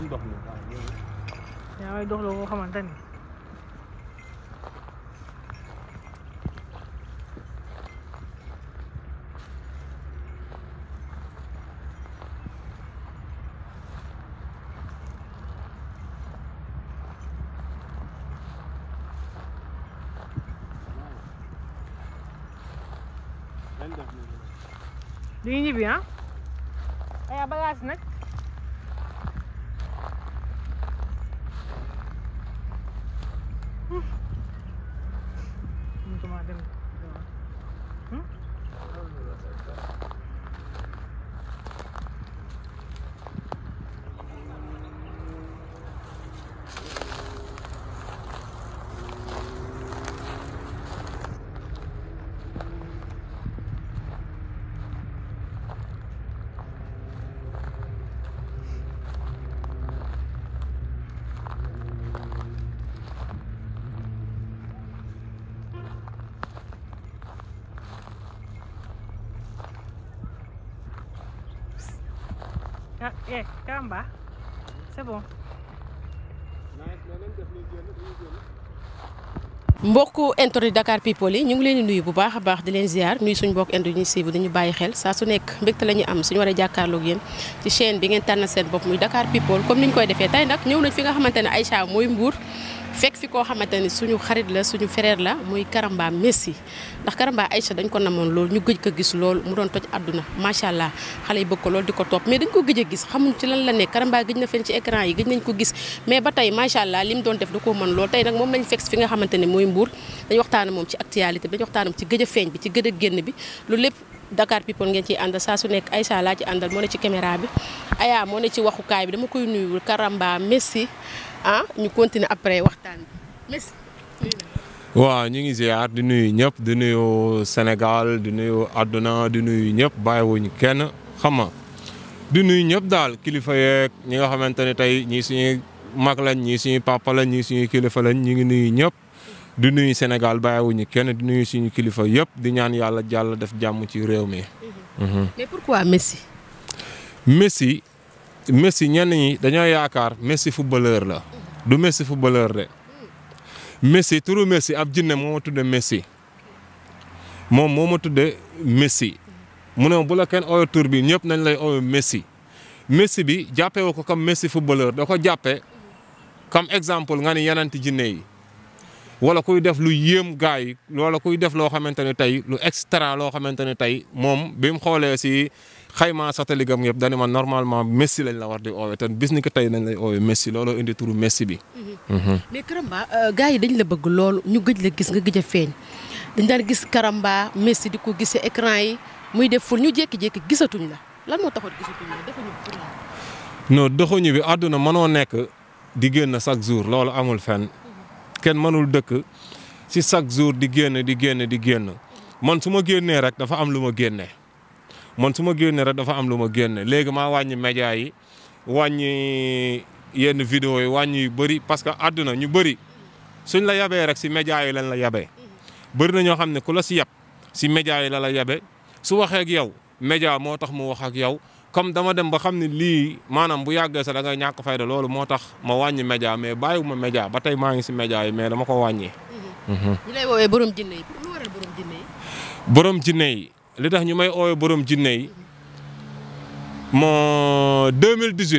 même dox ah, na yaa may dox la boo xamante ni du ñu ñibbi ah ay bagages nag bon. mbokku intrant Dakar people yi ñu ngi leen di nuyu bu baax a baax di leen ziar nuyu suñu mbokk intrant bu dañu bàyyi xel saa su nekk mbégte la ñu am suñ war a jàkkaarloog yéen ci chaîne bi ngeen tànn seen bopp muy Dakar people comme ni ñu koy defee tey nag ñëw nañ fi nga xamante ne Aïcha mooy Mbour. fekk fi koo xamante ni suñu xarit la suñu frère la muy Karamba Messi ndax Karamba Aïcha dañ ko namoon lool ñu gëj ko gis lool mu doon toj àdduna macha allah xale yi bëgg di ko topp ko a gis xamuñ ci lan la nekk Karamba gëj na ko gis mais ba tey li mu doon def da koo mën lool tey nag moom lañ fekk ne mooy Mbour dañ waxtaan moom ci a a génn bi loolu lépp Dakar People ngeen ciy àndal nekk Aïcha laa ci àndal moo ne ci caméra bi Aya moo ne ci waxukaay bi dama koy nuyu Karamba Messi ah ñu continuer après waxtaan bi. waaw ñu ngi ziar di nuyu ñëpp di nuyu Sénégal di nuyu àdduna di nuyu ñëpp bàyyiwuñu kenn xam di nuyu ñëpp daal kilifa yeeg ñi nga xamante ne tey ñii suñu mag lañ ñii suñu papa lañ ñii suñuy kilifa lañ ñu ngi nuyu ñëpp. di nuyu Sénégal bàyyiwuñu kenn di nuyu suñu kilifa yëpp di ñaan yàlla jàll def jàmm ci réew mi. Mm-hmm. Mm-hmm. Messi. Messi ñenn ñi dañoo yaakaar Messi footballeur la du Messi footballeur de Messi turu Messi ab jinne moo ma tudde Messi moom moo ma tudde Messi mu ne bu la kenn ooyo tur bi ñëpp nañ lay ooyo Messi Messi bi jàppee ko comme Messi footballeur da ko jàppe comme exemple nga ni yenanti jinne yi wala kuy def lu yéem gars yi wala kuy def loo xamante ne tey lu extra loo xamante ne tey moom bi mu xoolee si xaymaa sataligam yëpp dañu ma normalement Messi lañ la war di oowee te bis ni ko tey nañ lay oowee Messi looloo indi turu Messi bi. Mhm. Mhm. mais euh, gars yi dañ la bëgg loolu ñu gëj la gis nga gëj a feeñ dañ daan gis Karamba Messi di ko gisee écran yi muy def ful ñu jékki-jékki gisatuñ la lan moo taxoon gisatuñ la defuñu non bi àdduna mënoo nekk di génn chaque jour loolu amul fen mhm. kenn mënul dëkk si chaque jours di génn di génn di génn man su ma génnee rek dafa am lu ma génnee. man su ma génne rek dafa am lu ma génne léegi maa wàññi média yi wàññi yenn vidéo yi wàññi yu bëri parce que àdduna ñu bëri suñ la yabee rek si média yi lañ la yabe bëri na ñoo xam ne ku la si yab si média yi la la yabe su waxee ak yow média moo tax mu wax ak yow comme dama dem ba xam ne lii maanaam bu yàggee sa da ñàkk fayda loolu moo tax ma wàññi média mais ma média ba tey maa ngi si média yi mais dama ko wàññi. Mm-hmm. Mm-hmm. ñu lay li tax ñu may ooyo borom jinne yi moo 2018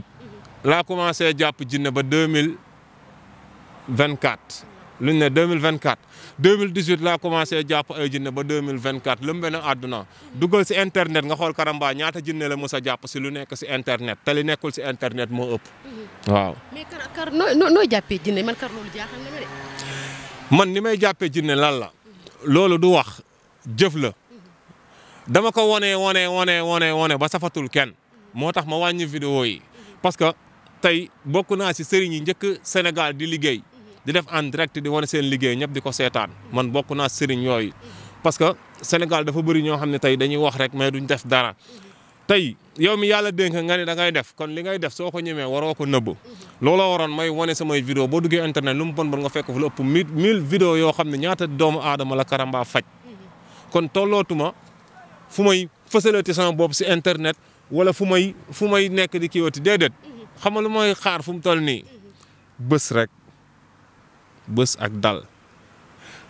laa commencé jàpp jinne ba 2024 lu ñu ne 2024 2018 laa commencé jàpp ay jinne ba 2024 lëmbe na àdduna dugal si internet nga xool Karamba ñaata jinne la mos a jàpp si lu nekk si internet te li nekkul si internet moo ëpp mhm. waaw. mais kar kar noo jàppee jinne man kar loolu jaaxal na ma de. man ni may jàppee jinne lan la. loolu du wax jëf la. dama ko wone wone wone wone wone ba safatul kenn moo tax ma wàññi vidéo yi parce que tey bokk naa si sëriñ yi njëkk Sénégal di liggéey di def en direct di wane seen liggéey ñëpp di ko seetaan man bokk naa sëriñ yooyu. parce que Sénégal dafa bëri ñoo xam ne tey dañuy wax rek mais duñ def dara tey yow mi yàlla dénk nga ne da def kon li ngay def soo ko ñemee waroo ko nëbb. looloo waroon may wane samay vidéo boo duggee internet lu mu bon bon nga fekk fu lu ëpp mille mille vidéo yoo xam ne ñaata doomu aadama la Karamba faj fu may fësalati boobu si internet wala fu may fu may nekk di kiiwati déedéet mhm. xam nga lu mooy xaar fu mu toll nii mhm. bës rek bés ak dal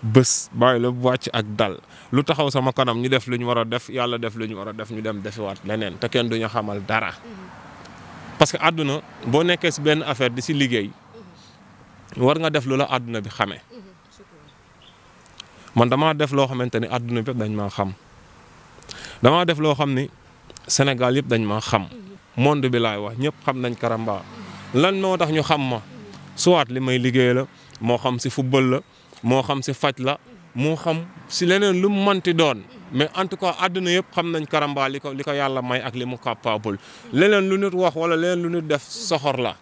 bés bàyyi la wàcc ak dal lu taxaw sama kanam ñu def lu ñu war a def yàlla def lu ñu war a def ñu dem defiwaat leneen te kenn duñu xamal dara mhm. parce que àdduna boo nekkee si benn affaire di si liggéey war nga def lu la àdduna bi xamee man damaa def loo xamante ni àdduna bi dañ maa xam. damaa def loo xam ni Sénégal yëpp dañ ma xam monde bi laay wax ñëpp xam nañ Karamba lan moo tax ñu xam ma soit li may liggéey la moo xam si football la moo xam si faj la moo xam si leneen lu mu mënti doon mais en tout cas àdduna yëpp xam nañ Karamba li ko li ko yàlla may ak li mu capable leneen lu nit wax wala leneen lu nit def soxor la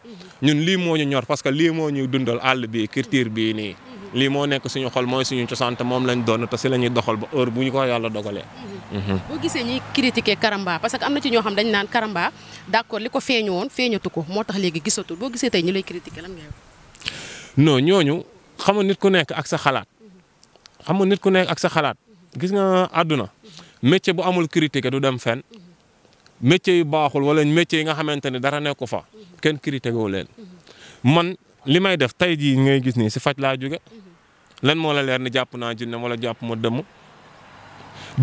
ñun lii moo ñu ñor parce que lii moo ñuy dundal àll bi culture bii nii. lii moo nekk suñu xol mooy suñu cosaan moom lañ doon te si la ñuy ba heure bu ñu ko yàlla dogalee. Mhm. boo gisee ñuy critiquer karamba parce que am na ci ñoo xam dañ naan xam nga nit ku nekk ak sa xalaat xam nga nit ku nekk ak sa xalaat gis nga adduna métier bu amul critiquer du dem fen métier yu baaxul wala métier yi nga xamante ne dara nekku fa kenn critiquer li may def tey jii ngay gis nii si faj laa jóge lan moo la leer ni jàpp naa jinne wala jàpp ma dëmm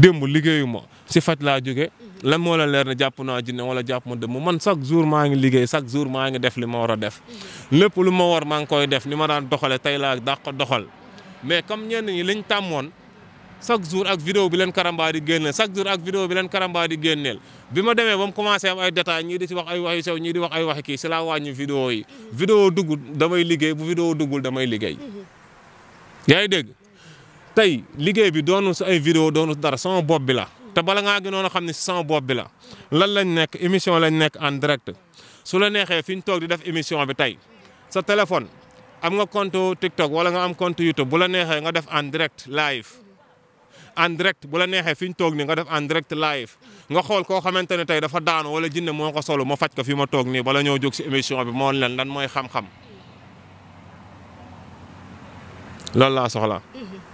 démb liggéeyu ma si faj laa jóge lan moo la leer ni jàpp naa jinne wala jàpp ma dëmm man chaque jour maa ngi liggéey chaque jour maa ngi def li ma war def lépp lu ma war maa ngi koy def ni ma daan doxale tey laa daa doxal mais comme ñenn ñi liñ tàmmoon chaque jour ak vidéo bi leen karamba di génneel chaque ak vidéo bi leen karamba di bi ma demee ba mu commencé am ay détails ñii di si wax ay waxi sew ñii di wax ay waxi kii si laa wàññi vidéo yi vidéo dugg damay liggéey bu vidéo duggul damay liggéey yaa ngi dégg tey liggéey bi doonu sa ay vidéo doonul dara sama bopp bi la te bala ngaa gënoon a xam ne si sama bopp bi la lan lañ nekk émission lañ nekk en direct su la neexee fi ñu toog di def émission bi tey sa téléphone am nga compte TikTok wala nga am compte YouTube bu la neexee nga def en direct en direct bu la neexee fi ñu toog nii nga def en direct live nga xool koo xamante ne tey dafa daanu wala jinne moo ko solo ma faj ko fii ma toog nii bala ñoo jog si émission bi moo leen lan mooy xam-xam loolu laa soxla mhm.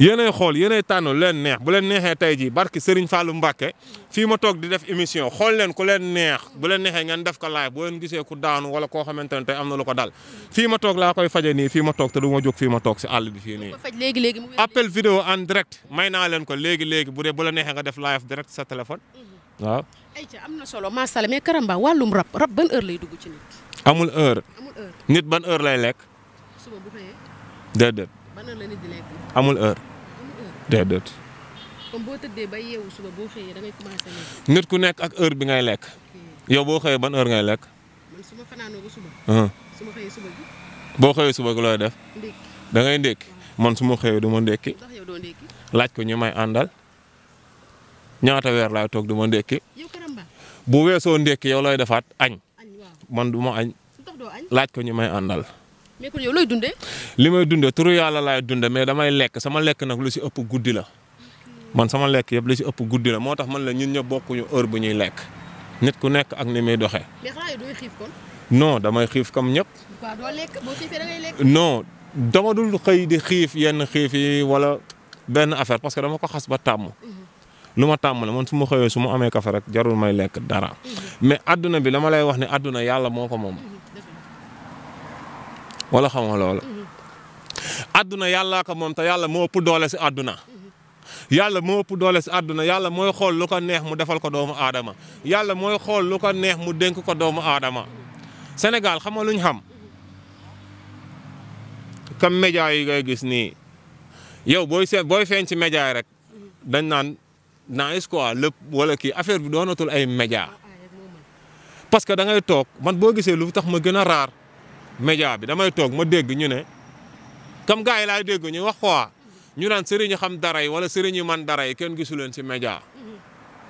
yéenay xool yéenay tànn leen neex bu leen neexee tey jii barki Serigne Fallou Mbacké fii ma toog di def émission xool leen ku leen neex bu leen neexee ngeen def ko live boo leen gisee ku daanu wala koo xamante ne tey am na lu ko dal fii ma toog laa koy faje nii fii ma toog te du ma jóg fii ma toog si àll bi fii nii appel vidéo en direct may naa leen ko léegi léegi bu dee bu la neexee nga def live direct sa téléphone mhm. waaw ayca am na solo masala mais Karamba wàllum rab rab ba heure amul nit ban heure lay lekk. nit ku nekk ak heure bi ngay lekk. yow boo xëyee ban heure ngay lekk. Uh-huh. boo xëyee suba gi looy def. dangay da man su ma xëyee du ma ndékki. laaj ko ñu may àndal ñaata weer laay toog duma ma bu weesoo ndékki yow looy defaat añ. man du añ. laaj ko ñu may àndal. mais kon yow dundee. li may dundee turu yàlla laay dundee mais damay lekk sama lekk nag lu si ëpp guddi la man sama lekk yëpp lu si ëpp guddi la moo tax man la ñun ña bokkuñu heure bu ñuy lekk nit ku nekk ak ni muy doxee. no damay xiif comme ñëpp. waaw doo lekk dama dul xëy di xiif yenn xiif yi wala benn affaire parce que dama ko xas ba tàmm. Mhm. lu ma tàmm la man su ma xëyee su mu amee kafe rek jarul may lekk dara mhm. mais adduna bi dama lay wax ne àdduna yàlla moo ko moom. Mhm. wala xamoo loolu. àdduna yàllaa ko moom te yàlla moo ëpp doole si àdduna. yàlla moo ëpp doole si àdduna yàlla mooy xool lu ko neex mu defal ko doomu aadama yàlla mooy xool lu ko neex mu dénk ko doomu aadama Sénégal xam nga lu xam ka média yi ngay gis nii yow booy se booy feeñ ci média yi rek dañ naan nice quoi lépp wala kii affaire bi doonatul ay média parce que da ngay toog man boo gisee lu tax ma gën a raar. média bi damay toog ma dégg ñu ne comme gars yi laay dégg ñu wax quoi ñu naan sëriñu xam dara yi wala yi man dara yi kenn gisu leen si média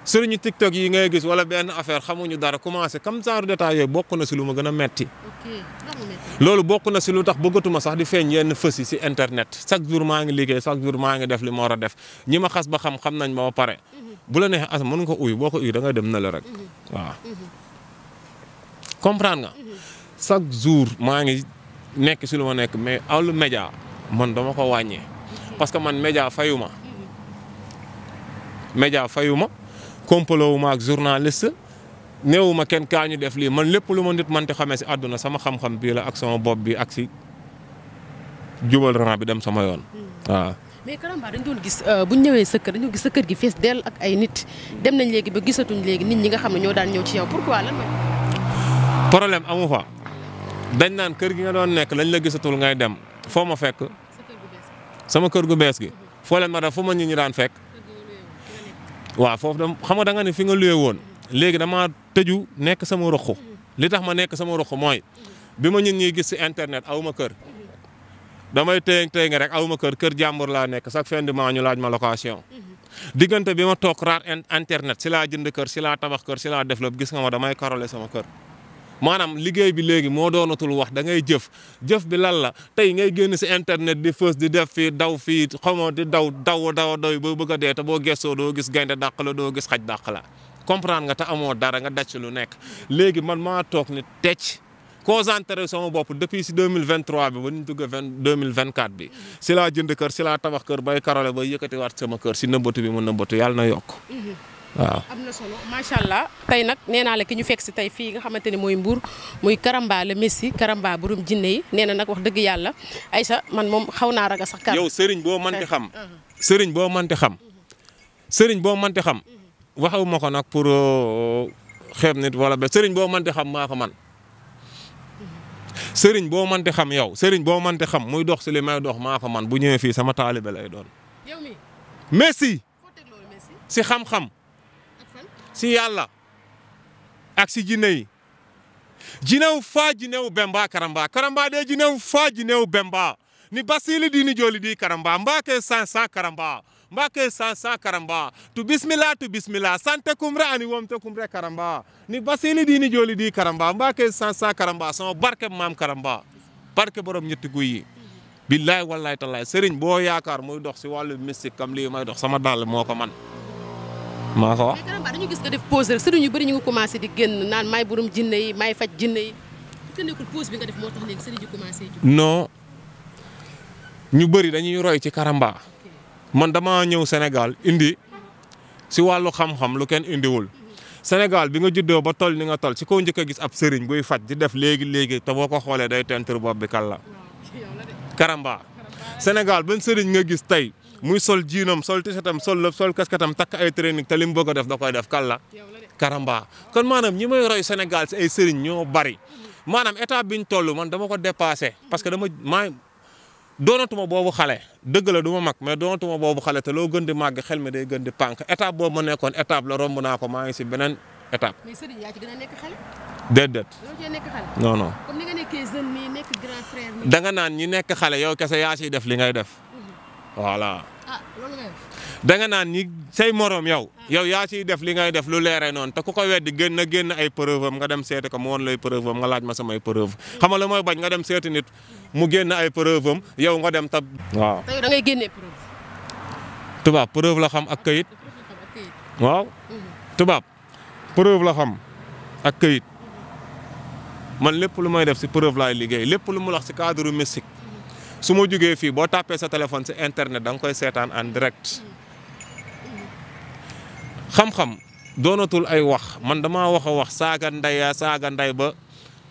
sëriñu tiktok yi ngay gis wala benn affaire xamuñu dara commencé comme genre détail yooyu bokk na si lu ma gën a metti loolu bokk na si lu tax bëggatuma sax di feeñ yenn fës yi si internet chaque jour maa ngi liggéey chaque jour maa ngi def li ma war a def ñi ma xas ba xam xam nañ ma ba pare mhm. bu la neexee as mën nga ko boo ko uyu da dem na la rek mhm. waaw mhm. chaque jour maa ngi nekk si lu ma nekk mais awlu média man dama ko wàññee parce que man média fayu ma média fayu ma kompaloowu ma ak journaliste néewu ma kenn kaa ñu def lii man lépp lu ma nit mënti xamee si àdduna sama xam-xam bii la ak sama bopp bi ak si jubal ran bi dem sama yoon hmm. waaw mais Karamba dañ doon gis euh, bu ñëwee sa kër dañoo gis sa kër gi fees dell ak ay nit dem nañ léegi ba gisatuñ léegi nit ñi nga xam ne ñoo daan ñëw ci yow pourquoi lan amu fa dañ naan kër gi nga doon nekk lañ la gisatul ngay dem foo ma fekk sama kër gu bees gi foo leen ma def fu ma nit ñi daan fekk waaw foofu da xam nga da ne fi nga luye woon léegi damaa tëju nekk sama ruq li tax ma nekk sama ruq mooy bi ma nit ñiy gis si internet aw ma kër damay téye téye nga rek aw ma kër kër jàmbur laa nekk chaque fin de mois ñu ma location diggante bi ma toog raar internet si laa jënd kër si laa tabax kër si laa développe gis nga ma damay karole sama kër maanaam liggéey bi léegi moo doonatul wax da ngay jëf jëf bi lan la tey ngay génn si internet di fës di def fii daw fii xamoo di daw daw daw doy boo bëgg a dee te boo gestoo doo gis gaynde dàq la doo gis xaj dàq la comprendre nga te amoo dara nga daj lu nekk léegi man maa toog ni tecc concentré sama bopp depuis si 2023 bi ba ñu dugg vingt 2024 bi si laa jënd kër si laa tabax kër bay karole bay yëkkatiwaat sama kër si nëbbatu bi ma nëbbatu yàlla na yokk mhm. waaw am na solo macha allah tey nag nee naa la ki ñu fekk si tey fii nga xamante ne mooy Mbour muy Karamba la Messi karambaa borom jinne yi nee na nag wax dëgg yàlla ay Aïcha man moom xaw naa ragal sax. yow uh-huh. sëriñ boo mënti xam sëriñ boo mënti xam sëriñ boo mënti xam waxawu ko nag pour uh, xeeb nit wala ba sëriñ boo mënti xam maa ko man uh-huh. sëriñ boo mënti xam yow sëriñ boo mënti xam muy dox si li may dox maa ko man bu ñëwee fii sama taalibe lay doon. Messi si xam-xam. si yàlla ak si jinne yi jinew fa jinew bemba karamba karamba de jinew fa jinew bemba ni basili dini joli di karamba mbake sansa karamba mbake sansa karamba tu bismillah tu bismillah sante kumre ani womte kumre karamba ni basili dini joli di karamba mbake sansa karamba sama barke maam karamba barke borom ñetti guyi billahi wallahi tallahi sëriñ boo yaakaar muy dox si wàllu mystique kam lii may dox sama dal moo ko man maa ko dañu gis nga def pause rek sëriñ ñu bëri ñu ngi commencé di génn naan maay borom jinne yi maay faj jinne yi te ñu bëri dañuy roy ci Karamba man dama ñëw senegal indi si wàllu xam-xam lu kenn indiwul. Mhm. senegal bi nga juddoo ba toll ni nga tol si kaw njëkk a gis ab sëriñ buy faj di def léegi léegi te boo ko xoolee day tentir bopp bi kal la Karamba Sénégal ban sëriñ nga gis tey muy sol jiinam sol tisetam sol lëf sol kasketam takk ay training te li mu bëgg a def da koy def kàlla karamba kon maanaam ñi may roy Sénégal ay sëriñ ñoo bari maanaam état bi ñu toll man dama ko dépassé parce que dama maa doonatuma boobu xale dëgg la du ma mag mais doonatuma boobu xale te loo gën di màgg xel mi day gën di pànk étape boobu ma nekkoon étape la romb naa ko maa ngi si beneen étape. mais sëriñ yaa ci naan ñi nekk xale yow kese yaa ciy def li ngay def. voilà. Ah, da nga naan sey say morom yow yow yaa ciy def li ngay def lu leere noon te ku ko weddi gën na génn ay preuve am nga dem seeti ko mu woon lay preuve am nga laaj ma samay preuve xam nga la mooy bañ nga dem seeti nit mu génn ay preuve am yow nga dem ta waaw te da ngay génnee la xam ak kayit. waaw tubaab preuve la xam ak kayit mhm. man lépp lu may def si preuve laay liggéey lépp lu mu wax si cadre mystique. su ma jógee fii boo tàppee sa téléphone si internet da nga koy seetaan en direct xam-xam doonatul ay wax man dama wax a wax saaga ndeya saaga ndey ba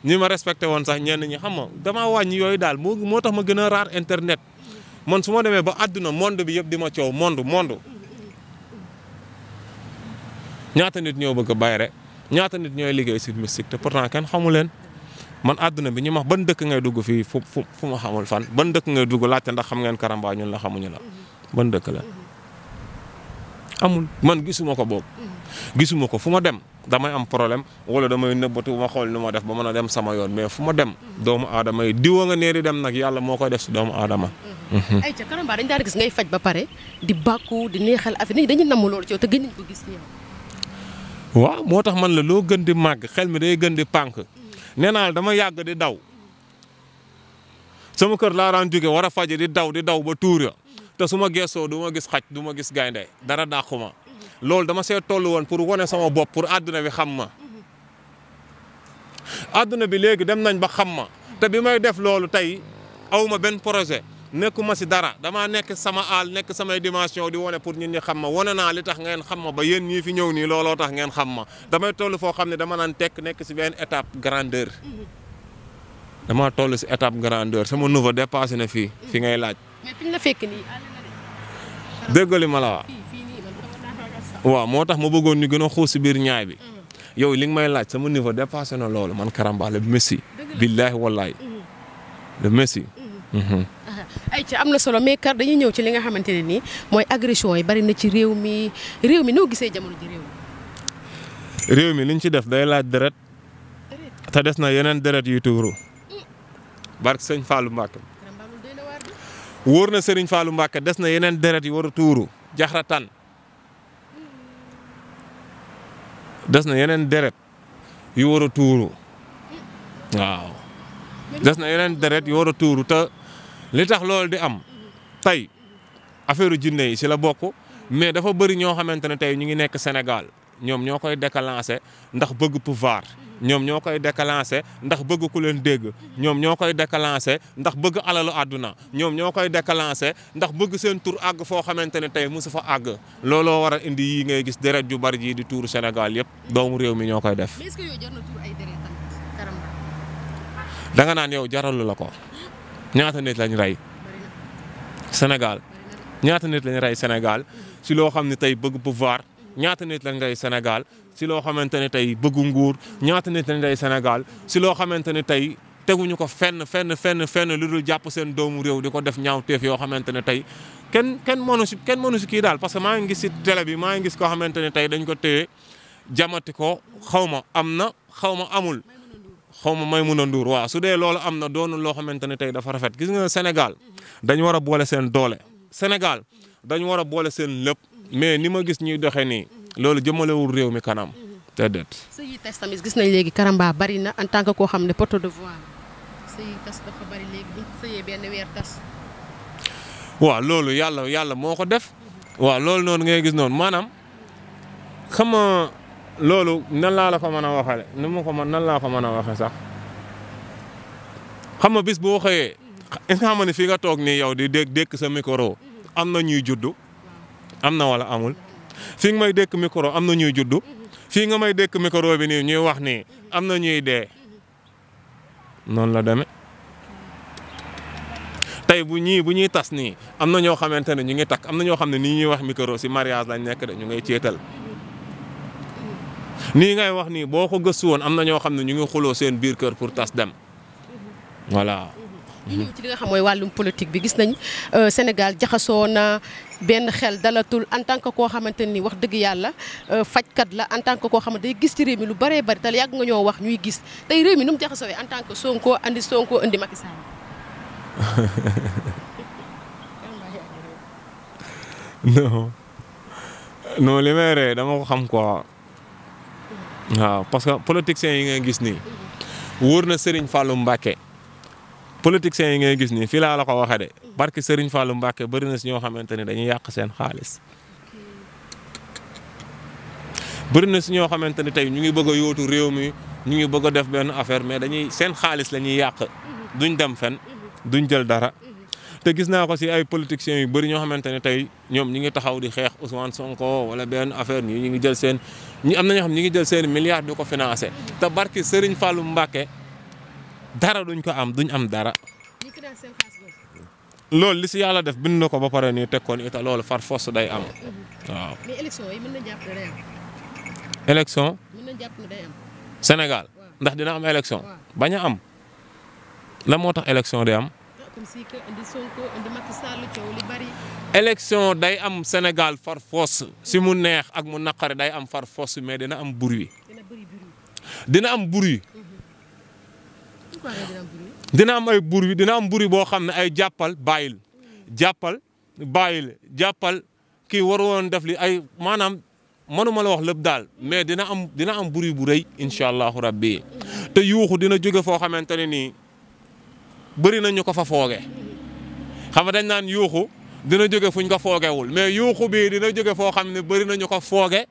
ñi ma respecté woon sax ñenn ñi xam ma damaa wàññ yooyu daal moo moo tax ma gën a raar internet man su ma demee ba àdduna monde bi yëpp di ma coow monde monde ñaata nit ñoo bëgg a ñaata nit ñooy liggéey si mystique te pourtant kenn xamu leen man àdduna bi ñu ma ban dëkk ngay dugg fii fu fu fu ma xamul fan ban dëkk ngay dugg laajte ndax xam ngeen Karamba ñun la xamuñu la ban dëkk la amul man gisuma ko boobu gisuma ko fu ma dem damay am problème wala damay nëbbatu ma xool nu ma def ba mën a dem sama yoon mais fu ma dem doomu aadama yi diwa nga neeri dem nag yàlla moo koy def si doomu aadama. Mhm. ay dañ daan gis ngay faj ba pare di bàkku di neexal affaire yi dañu namm loolu ci te gën waaw moo tax man la loo gën di màgg xel mi day gën di pànk. nee naa dama yàgg di daw sama kër laa daan war a faje di daw di daw ba tuur ya te su ma gëstoo du gis xaj du ma gis gaynde dara dàquma loolu dama see toll woon pour wane sama bopp pour àdduna bi xam ma àdduna bi léegi dem nañ ba xam ma te bi may def loolu tey awma benn projet ma si dara damaa nekk sama aal nekk samay dimension di wone pour ñun ñi xam ma wane naa li tax ngeen xam ma ba yéen ñii fi ñëw nii looloo tax ngeen xam ma damay toll foo xam ne dama naan tekk nekk si benn étape grandeur. Mhm. damaa toll si étape grandeur sama niveau dépassé na fii fi ngay laaj. la fekk nii déggali ma la waaw moo tax ma bëggoon ñu gën a xuus si biir ñaay bi. Mhm. yow li nga may laaj sama niveau dépassé na loolu man Karamba le Messi. billaahi wallaahi mhm. le Messi. ay ci am na solo mais kar dañuy ñëw ci li nga xamante ne nii mooy agression yi bari na ci réew mi réew mi noo gisee jamono ji réew mi. réew mi liñ ci def day laaj deret te des na yeneen deret yuy tuuru mm. barke sëñ Fallou Mbacke wóor na Serigne Fallou Mbacke des na yeneen deret yu war a tuuru jaxratan mm. des na yeneen deret yu war a tuuru mm. waaw des na yeneen deret yu war a tuuru te li tax loolu di am tay affaire jinne yi si la bokk mais dafa bëri ñoo xamante ne tey ñu ngi nekk Sénégal ñoom ñoo koy déclenché ndax bëgg pouvoir ñoom ñoo koy déclenché ndax bëgg ku leen dégg ñoom ñoo koy déclenché ndax bëgg alalu àdduna ñoom ñoo koy déclenché ndax bëgg seen tur àgg foo xamante ne tey mosu fa àgg. looloo war a indi yi ngay gis deret ju bari jii di tuuru Sénégal yëpp doomu réew mi ñoo koy def. danga naan yow jaralu la ko. ñaata nit lañu rey Sénégal ñaata nit lañ rey Sénégal si loo xam ne tey bëgg pouvoir ñaata nit lañ rey Sénégal si loo xamante ne tey bëggu nguur ñaata nit lañ rey Sénégal si loo xamante ne tey teguñu ko fenn fenn fenn fenn lu dul jàpp seen doomu réew di ko def ñaawteef yoo xamante ne tey kenn kenn mënu si kenn mënu si kii daal parce que maa ngi gis si télé bi maa ngi gis koo xamante ne tey dañ ko téye jamati ko xaw ma am na xaw ma amul. xaw ma Maimouna Ndour waaw su dee loolu am na doonul loo xamante ne tey dafa rafet gis nga Sénégal dañu war a boole seen doole Sénégal dañu war a boole seen lépp mais ni ma gis ñuy doxee nii loolu jëmalewul réew mi kanam te déet. sëy yi gis nañ léegi karamba bari na en tant que koo xam ne porte de voix waaw loolu yàlla yàlla moo ko def waaw loolu noonu ngay gis noonu maanaam xam loolu nan laa la ko mën a waxale nu ma ko man nan laa ko mën a waxe sax xam nga bis boo xëyee est-ce xam ne fii nga toog nii yow di dégg dékk sa micro am na ñuy juddu am na walla amul fii nga may dékk micro am na ñuy juddu fii nga may dékk micro bi nii ñuy wax nii am na ñuy dee noonu la demee tey bu ñii bu ñuy tas nii am na ñoo xamante ne ñu ngi takk am na ñoo xam ne nii ñuy wax micro si mariage lañ nekk de ñu ngay ceetal nii ngay wax nii boo ko gëstu woon am na ñoo xam ne ñu ngi xuloo seen biir kër pour tas dem voilà. ñëw li nga xam mooy wàllum politique bi gis nañ euh, Sénégal jaxasoo na benn xel dalatul en tant que koo xamante ni wax dëgg yàlla euh, fajkat la en tant que koo day gis ci réew mi lu bëree bëri te yàgg nga ñoo wax ñuy gis tey réew mi nu mu jaxasoo en tant que Sonko andi Sonko andi Macky Sall. non non li may ree ko xam quoi. waaw parce que politiciens yi ngay gis nii wóor na Serigne Fallou Mbacké politiciens yi ngay gis nii fii laa la ko waxee de barki Serigne Fallou Mbacké bëri na si ñoo xamante ne dañuy yàq seen xaalis. bëri na si ñoo xamante ne tey ñu ngi bëgg a yóotu réew mi ñu ngi bëgg def benn affaire mais dañuy seen xaalis lañuy ñuy yàq duñ dem fen duñ jël dara te gis naa ko si ay politiciens yu bëri ñoo xamante ne tey. ñoom ñi ngi taxaw di xeex Ousmane Sonko wala benn affaire ñi ñu ngi jël seen ñi am na ñoo xam ñi ngi jël seen milliards di ko financé te barki sëriñ Fallou Mbacké dara duñ ko am duñ am dara. loolu li si yàlla def bind na ko ba pare ni teg ko nii te loolu far force day am mhm. waaw. mais ndax dina am élection. bañ a am la moo tax élection day am. élection day am Sénégal far foos si mu neex ak mu naqare day am far foos mais dina am bruit dina am bruit dina am ay bruit dina am bruit boo xam ne ay jàppal bàyyil jàppal bàyyil jàppal kii war woon def li ay maanaam mënuma la wax lépp daal mais dina am dina am bruit bu rëy incha allahu rabbi te yuuxu dina jóge foo xamante bëri na ñu ko fa fooge xam nga dañ naan yuuxu dina jóge fuñ ko foogewul mais yuuxu bii dina jóge foo xam ne bëri nañu ñu ko fooge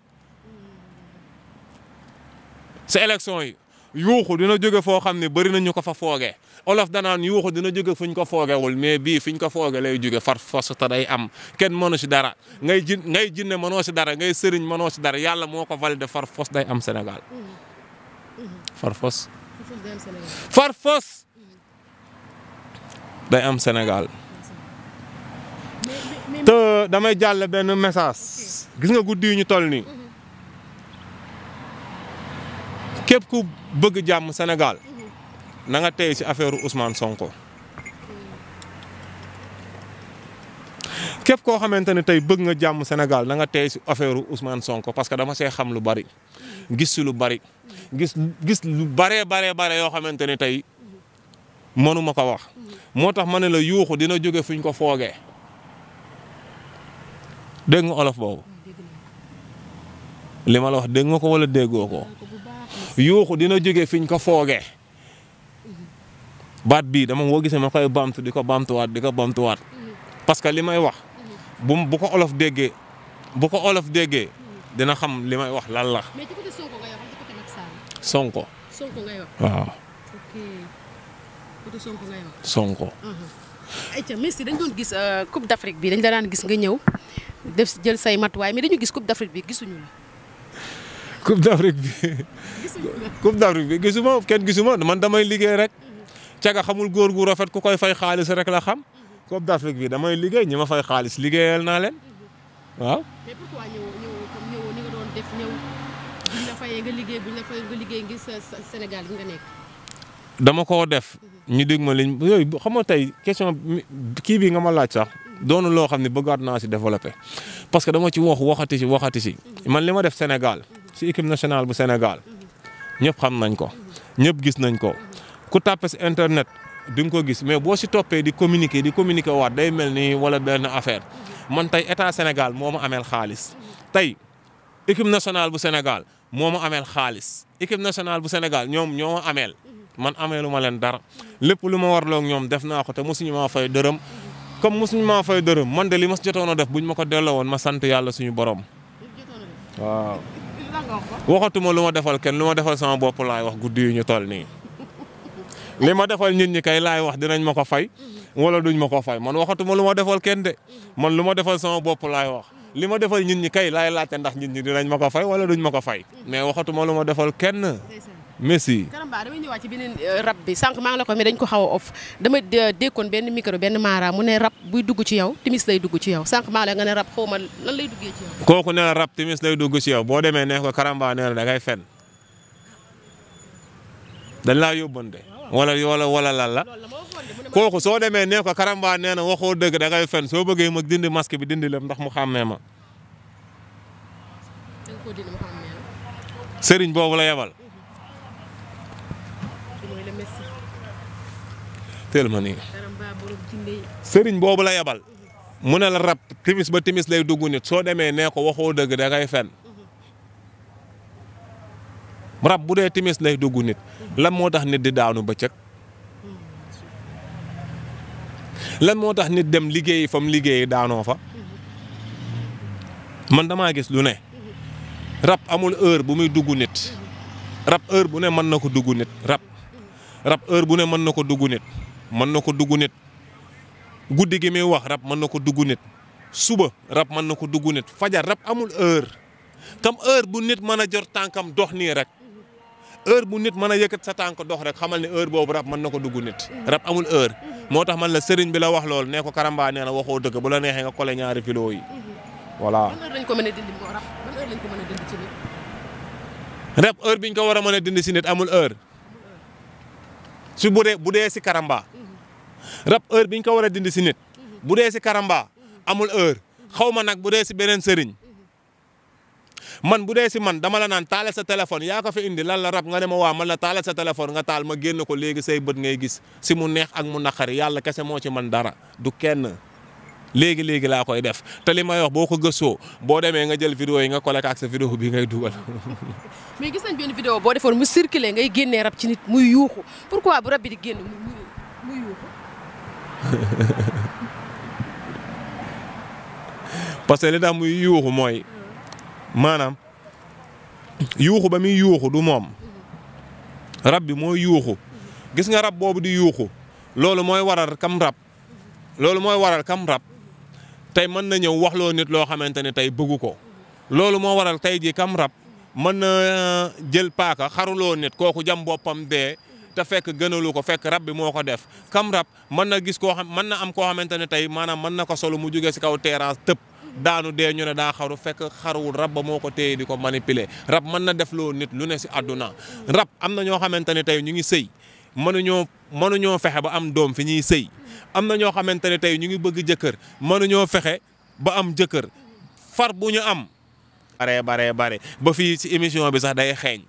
sa élection yi yuuxu dina jóge foo xam ne bëri na ñu ko fa fooge olof danaan yuuxu dina jóge fuñ ko foogewul mais bii fiñ ko fooge lay jóge far fas day am kenn mënu si dara ngay jin ngay jinne mënoo si dara ngay sëriñ mënoo si dara yàlla moo ko validé far fos day am Sénégal mm-hmm. Mm-hmm. day am Sénégal te damay jàll benn message gis nga guddi yi ñu toll nii mhm. képp ku bëgg jàmm Sénégal mhm. na nga tey si affaire Ousmane Sonko képp koo xamante ne tey bëgg nga jàmm Sénégal na nga tey si affaire Ousmane Sonko parce que dama see xam lu bari mhm. gis si lu bari gis gis lu baree baree bari yoo xamante ne tey mënuma ko wax moo tax ma ne la yuuxu dina jóge fuñ ko foogee dégg nga olof boobu li ma la wax dégg nga ko wala déggoo ko yuuxu dina jóge fiñ ko foogee baat bii dama woo gisee ma koy bamtu di ko bamtuwaat di ko bamtuwaat parce que li may wax bu bu ko olof déggee bu ko olof déggee dina xam li may wax lan la. Sonko waaw. côté Sonko nga yow. Sonko. ayca Messi dañ doon gis uh, Coupe d'Afrique bi dañ la daan gis nga ñëw def jël say matuwaay mais dañu gis Coupe d'Afrique bi gisuñu la. Coupe d'Afrique bi. gisuñu la man damay liggéey rek. Uh-huh. caga xamul góor gu rafet ku koy fay xaalis rek la xam. Uh-huh. Coupe d'Afrique bi damay liggéey ñi ma fay xaalis liggéeyal naa leen uh-huh. waaw. dama koo def. ñu dégg ma liñ yooyu xam nga tey question kii bi nga ma laaj sax doonu loo xam ne bëggaat naa si développé parce que dama ci wax waxati si waxati si man li ma def Sénégal si équipe nationale bu Sénégal ñëpp xam nañ ko ñëpp gis nañ ko ku tàppe si internet di nga ko gis mais boo si toppee di communiquer di communiquer waat day mel ni wala benn affaire man tey état Sénégal moo ma ameel xaalis tey équipe nationale bu Sénégal moo ma ameel xaalis équipe nationale bu Sénégal ñoom ñoo ameel. man amee lu ma leen dara lépp lu ma warloo ak ñoom def naa ko te mosuñu maa fay dërëm comme mosuñu maa fay dërëm man de li ma si jotoon a def ñu ma ko delloo woon ma sant yàlla suñu borom waaw. waxatuma lu ma defal kenn lu ma defal sama bopp laay wax guddi yu ñu toll nii li ma defal nit ñi kay laay wax dinañ ma ko fay wala duñ ma ko fay man waxatuma lu ma defal kenn de man lu ma defal sama bopp laay wax li ma defal nit ñi kay laay laajte ndax nit ñi dinañ ma ko fay wala duñ ma ko fay mais waxatuma lu ma defal kenn. merci. Karamba damay ñëwaat ci beneen euh, rab bi sànq maa ngi la ko mais dañ ko xaw a off dama euh, dékkoon benn micro benn maara mu ne rab buy dugg ci yow timis lay dugg ci yaw sànq maa la nga ne rab xaw ma lan lay kooku nee rab timis lay dugg ci yow boo demee nee ko Karamba nee na da ngay fen dañ laa yóbbande wala wala wala lan la kooku soo demee nee ko Karamba nee na waxoo dëgg da ngay fen soo bëggee ma dindi masque bi dindi la ndax mu xàmmee ma. sëriñ boobu la yebal. teel ma sëriñ boobu la yebal mu ne la rab timis ba timis lay dugg nit soo demee nee ko waxoo dëgg da ngay fen rab bu dee timis lay dugg nit lan moo tax nit di daanu bëccëg lan moo tax nit dem liggéeyi fa mu liggéeyi daanoo fa man dama gis lu ne rab amul heure bu muy dugg nit rab heure bu ne mën na ko dugg nit rab rab heure bu ne mën na ko dugg nit mën na ko dugg nit guddi gi muy wax rab mën na ko dugg nit suba rab mën na ko dugg nit fajar rab amul heure kam heure bu nit mën a jot tànkam dox nii rek heure bu nit mën a yëkkat sa tànk dox rek xamal ne heure boobu rab mën na ko dugg nit rab amul heure moo tax man la sëriñ bi la wax loolu nee ko karamba nee na waxoo dëgg bu la nga kole ñaari filo yi voilà. ban heure lañ ko rab heure lañ ko ko war a mën a dindi si nit amul heure. si bu dee bu dee si karamba rab heure bi ñu ko war a dindi si nit bu dee si karamba amul heure xaw nag bu dee si beneen sëriñ man bu dee si man dama la naan taale sa téléphone yaa ko fi indi lan la rab nga ne ma waa man la taale sa téléphone nga taal ma génn ko léegi say bët ngay gis si mu neex ak mu naqari yàlla kese moo ci man dara du kenn. léegi léegi laa koy def te li may boo ko gëstoo boo demee nga jël vidéo i nga collé ak sa vidéo bi ngay dugal. mais gis nañ benn vidéo boo defoon mu circulé ngay génnee rab ci nit muy yuuxu pourquoi bu rab bi di génn parce que li tax muy yuuxu mooy maanaam yuuxu ba muy yuuxu du moom rab bi mooy yuuxu gis nga rab boobu di yuuxu loolu mooy waral kam loolu mooy waral kam rab. tey mën na ñëw waxloo nit loo xamante ne tey bëggu ko loolu moo waral tey ji kam rab mën na euh, jël paaka xaruloo nit kooku jam boppam dee te fekk gënalu ko fekk rab bi moo ko def kam rab mën na gis koo xam mën na am koo xamante ne tey maanaam mën na ko solo mu jugee si kaw terrasse tëb daanu dee ñu ne daa xaru fekk xaruwul rab ba moo ko téye di ko manipuler rab mën na def loo nit lu ne si àdduna rab am na ñoo xamante ne tey ñu ngi sëy mënuñoo mënuñoo fexe ba am doom fi ñuy sëy am na ñoo xamante ne tey ñu ngi bëgg jëkkër mënuñoo fexe ba am jëkkër far bu ñu am. bare bare bare ba fii si émission bi sax day xeeñ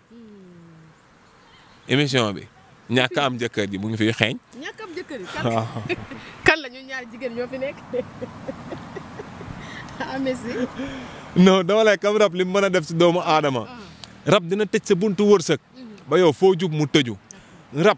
émission bi ñàkk am jëkkër ji mu ngi fiy xeeñ. ñàkk am jëkkër ji kan la ñu ñaari jigéen ñoo fi nekk ah, non dama lay kam rab li mu mën a def si doomu aadama ah. rab dina tëj sa buntu wërsëg mhm. ba yow foo jub mu tëju rab.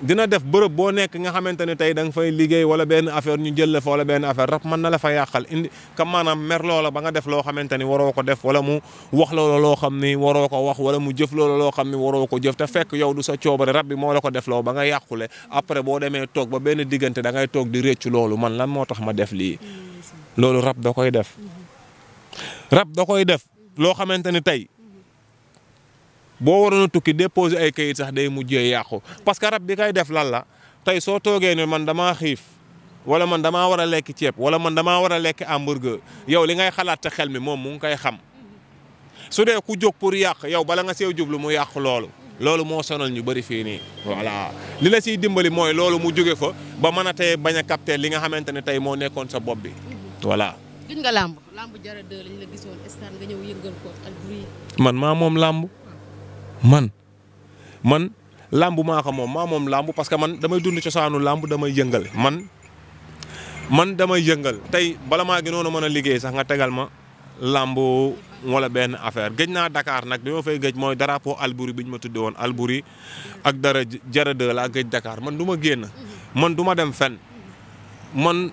dina def bërëb boo nekk nga xamante ne tey da nga fay liggéey wala benn affaire ñu jël la fa wala benn affaire rab mën na la fa yàqal indi kam maanaam mer loola ba nga def loo xamante ni waroo ko def wala mu wax loola loo xam ni waroo ko wax wala mu jëf loola loo xam ni waroo ko jëf te fekk yow du sa coobare rab bi moo la ko def loo ba nga yàqule après boo demee toog ba benn diggante dangay toog di réccu loolu man lan moo tax ma def lii mm, loolu rab doo koy def mm-hmm. rab doo koy def loo xamante ni tey boo waroon a tukki déposer ay kayit sax day mujjee yàqu parce que rab bi kay def lan la tey soo toogee ne man damaa xiif wala man damaa war a lekk ceeb wala man damaa war a lekk hamburger yow li ngay xalaat sa xel mi moom mu ngi koy xam su dee ku jóg pour yàq yow bala nga sew jublu mu yàq loolu. loolu moo sonal ñu bëri fii nii voilà li la siy dimbali mooy loolu mu jóge fa ba mën a tey bañ a capter li nga xamante ne tey moo nekkoon sa bopp bi voilà. gis nga man maa moom làmb. man man làmb maa ko moom maa moom làmb parce que man damay dund cosaanu làmb damay yëngal man man damay yëngal tey bala maa gi noonu mën a liggéey sax nga tegal ma làmb wala benn affaire géej naa dakaar nag li ma fay gëj mooy drapeau Albouri bi ñu ma tudde woon Albouri ak dara jara de géej dakaar man duma ma génn man duma dem fen man